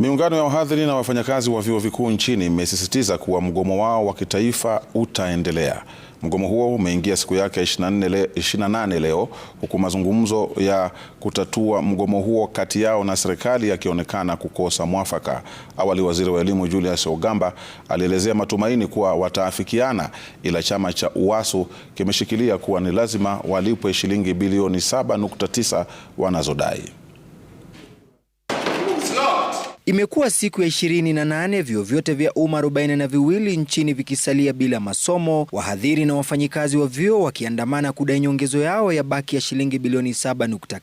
Miungano ya wahadhiri na wafanyakazi wa vyuo vikuu nchini imesisitiza kuwa mgomo wao wa kitaifa utaendelea. Mgomo huo umeingia siku yake 28 leo huku mazungumzo ya kutatua mgomo huo kati yao na serikali yakionekana kukosa mwafaka. Awali, waziri wa elimu Julius Ogamba alielezea matumaini kuwa wataafikiana, ila chama cha UWASU kimeshikilia kuwa ni lazima walipwe shilingi bilioni 7.9 wanazodai. Imekuwa siku ya ishirini na nane vyuo vyote vya umma arobaini na viwili nchini vikisalia bila masomo, wahadhiri na wafanyikazi wa vyuo wakiandamana kudai nyongezo yao ya baki ya shilingi bilioni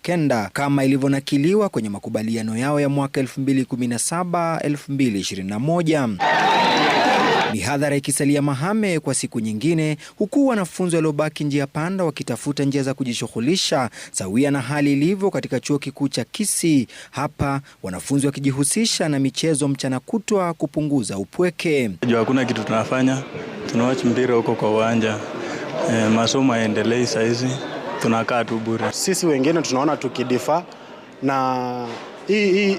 kenda kama ilivyonakiliwa kwenye makubaliano yao ya mwaka 2017 2021. Mihadhara ikisalia mahame kwa siku nyingine, huku wanafunzi waliobaki njia panda wakitafuta njia za kujishughulisha sawia na hali ilivyo katika chuo kikuu cha Kisii. Hapa wanafunzi wakijihusisha na michezo mchana kutwa kupunguza upweke. Jua hakuna kitu tunafanya, tunawach mpira huko kwa uwanja e, masomo haendelei sahizi, tunakaa tu bure. Sisi wengine tunaona tukidifa na hii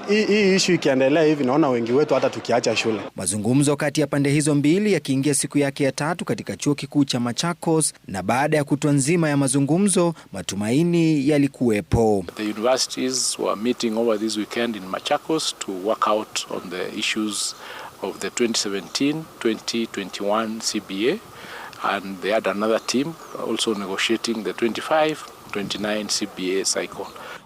ishu ikiendelea hivi, naona wengi wetu hata tukiacha shule. Mazungumzo kati ya pande hizo mbili yakiingia siku yake ya tatu katika chuo kikuu cha Machakos, na baada ya kutwa nzima ya mazungumzo, matumaini yalikuwepo. The universities were meeting over this weekend in Machakos to work out on the issues of the 2017-2021 CBA and they had another team also negotiating the 25-29 CBA cycle.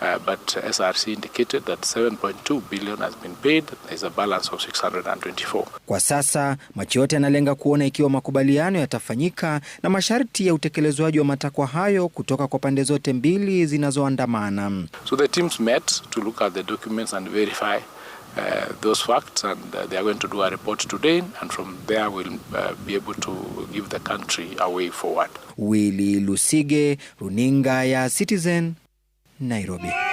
Uh, but uh, SRC indicated that 7.2 billion has been paid. There's a balance of 624. Kwa sasa macho yote yanalenga kuona ikiwa makubaliano yatafanyika na masharti ya utekelezwaji wa matakwa hayo kutoka kwa pande zote mbili zinazoandamana. So the teams met to look at the documents and verify Uh, those facts and uh, they are going to do a report today and from there we'll uh, be able to give the country a way forward. Willy Lusige, Runinga ya Citizen Nairobi.